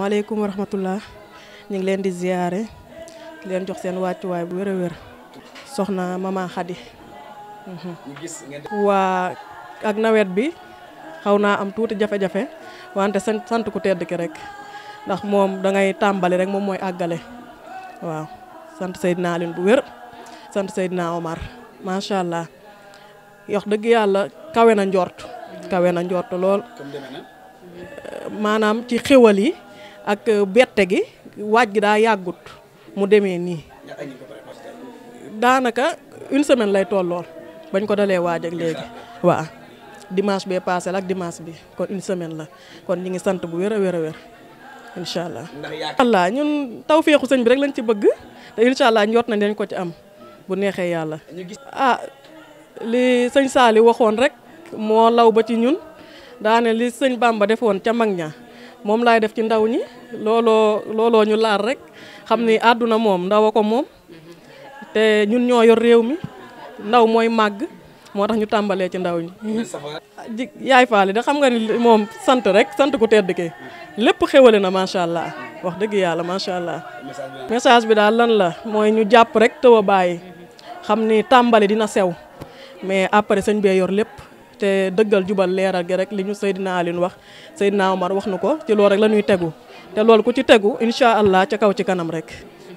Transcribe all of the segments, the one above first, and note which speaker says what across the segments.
Speaker 1: asalaamaaleykum wa rahmatullah ñu ngi leen di ziyaare di leen jox seen wàccuwaay bu wér a wér soxna mama Khady. Mhm. waa ak nawet bi xaw naa am tuuti jafe-jafe wante sant sant ku tedd ki rek ndax moom da ngay tàmbali rek moom mooy àggale waaw sant Seydina Alioune bu wér sant Seydina Omar macha allah yox dëgg yàlla kawe na njort kawe na njort lool maanaam ci xéwal yi ak euh, bette gi waaj gi daa yàggut mu demee nii daanaka une semaine lay tollool bañ ko dalee waaj ak léegi waaw dimanche bee passé la ak dimanche bi kon une semaine la kon ñi ngi sant bu wér a wér a wér incha allah. allah ñun taw feexu sëñ bi rek lañ ci bëgg te incha nañ dañ ko ci am bu neexee yàlla. ah li sëñ Saali waxoon rek moo law ba ci ñun daane li sëñ baam ba defoon ca mag ña moom laay def ci ndaw ñi looloo looloo ñu laar rek xam ni àdduna moom ndaw a ko moom te ñun ñoo yor réew mi ndaw mooy màgg moo tax ñu tàmbalee ci ndaw ñi. ji yaay faale da xam nga ni moom sant rek sant ku tedd ke lépp xéwale na macha allah wax dëgg yàlla macha allah. message bi daal lan la mooy ñu jàpp rek tëw a xam ni tàmbali dina sew mais après sëñ bee yor lépp. te dëggal jubal leeral gi rek li ñu Seydina Alioune wax Seydina Omar wax nu ko ci loolu rek la ñuy tegu te loolu ku ci tegu incha allah ca kaw ci kanam rek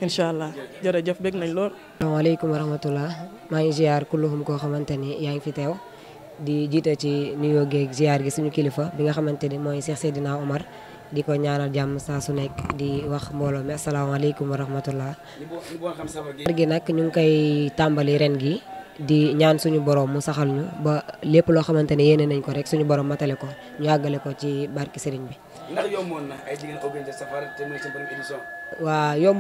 Speaker 1: incha allah jërëjëf bég nañ lool.
Speaker 2: asalaamaaleykum wa rahmatulah maa ngi ziar kulluhum koo xamante ni yaa ngi fi teew di jiite ci nuyoo geeg ziar gi suñu kilifa bi nga xamante ni mooy Cheikh Seydina Omar. di ko ñaanal jàmm saa su nekk di wax mbooloo mi asalaamaaleykum wa rahmatulah. gi nag ñu ngi koy tàmbali ren gi di ñaan suñu borom mu saxal ñu ba lépp loo xamante ne yéene nañ ko rek suñu borom matale ko ñu àggale ko ci barki sëriñ bi. ndax yomboon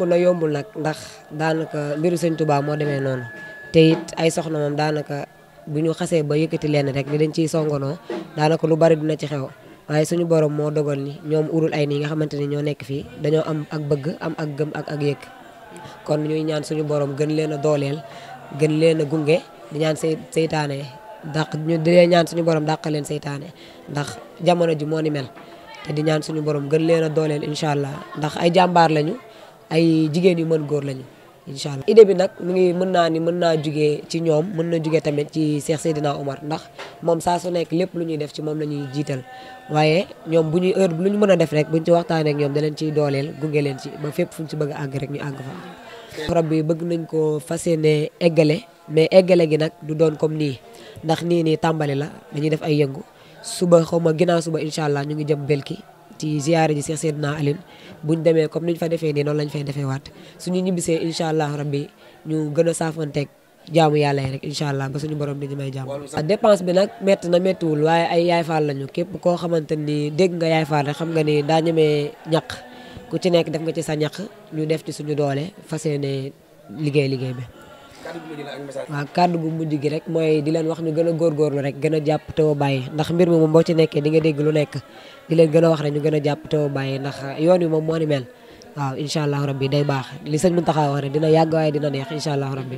Speaker 2: na yombul nag ndax daanaka mbiru sëñ tubaab moo demee noonu te ay soxna moom daanaka bu ñu xasee ba yëkkati leen rek di dañ ciy songonoo daanaka lu bari dina ci xew. waaye suñu borom moo dogal ni ñoom urul ay nii nga xamante ni ñoo nekk fii dañoo am ak bëgg am ak gëm ak ak yëg kon ñuy ñaan suñu borom gën leen a dooleel gën leen a gunge di ñaan say saytaane dàq ñu di ñaan suñu borom dàq leen saytaane ndax jamono ji moo ni mel te di ñaan suñu borom gën leen a dooleel incha allah ndax ay jàmbaar lañu ay jigéen yu mën góor lañu incha allah. idée bi nag mu ngi mën naa ni mën naa jugee ci ñoom mën na jugee tamit ci Cheikh Seydina Omar ndax moom saa su nekk lépp lu ñuy def ci moom la ñuy jiital waaye ñoom bu ñuy heure lu ñu mën a def rek buñ ci waxtaanee ak ñoom da leen ciy dooleel gunge leen ci ba fépp ci bëgg rek ñu àgg fa. rab bi bëgg nañ koo fas yéene eggale mais eggale gi nag du doon comme nii ndax nii nii tàmbali la dañuy def ay yëngu suba xaw ma ginnaaw suba incha allah ñu ngi jëm Belki ti ziyaare ji Seex Seydina bu buñ demee comme ni ñu fa defee nii noonu lañ fay defee waat suñu ñibbisee incha allah rabbi ñu gën a saafanteeg jaamu yàlla yi rek incha allah ba suñu borom di ñu may jaamu. dépense bi nag métti na méttiwul waaye ay yaay faal lañu képp koo xamante ni dégg nga yaay faal rek xam nga ni daa ñemee ñaq. ku ci nekk def nga ci sa ñaq ñu def ci suñu doole fas yéene liggéey liggéey bi. waaw kàddu gu mujj gi rek mooy di leen wax ñu gën a góorgóorlu rek gën a jàpp tëw bàyyi ndax mbir mi moom boo ci nekkee di nga dégg lu nekk di leen gën a wax rek ñu gën a jàpp tëw bàyyi ndax yoon wi moom moo ni mel waaw incha allah rabbi day baax li sañ sëñ Mountakha wax rek dina yàgg waaye dina neex incha allah rabbi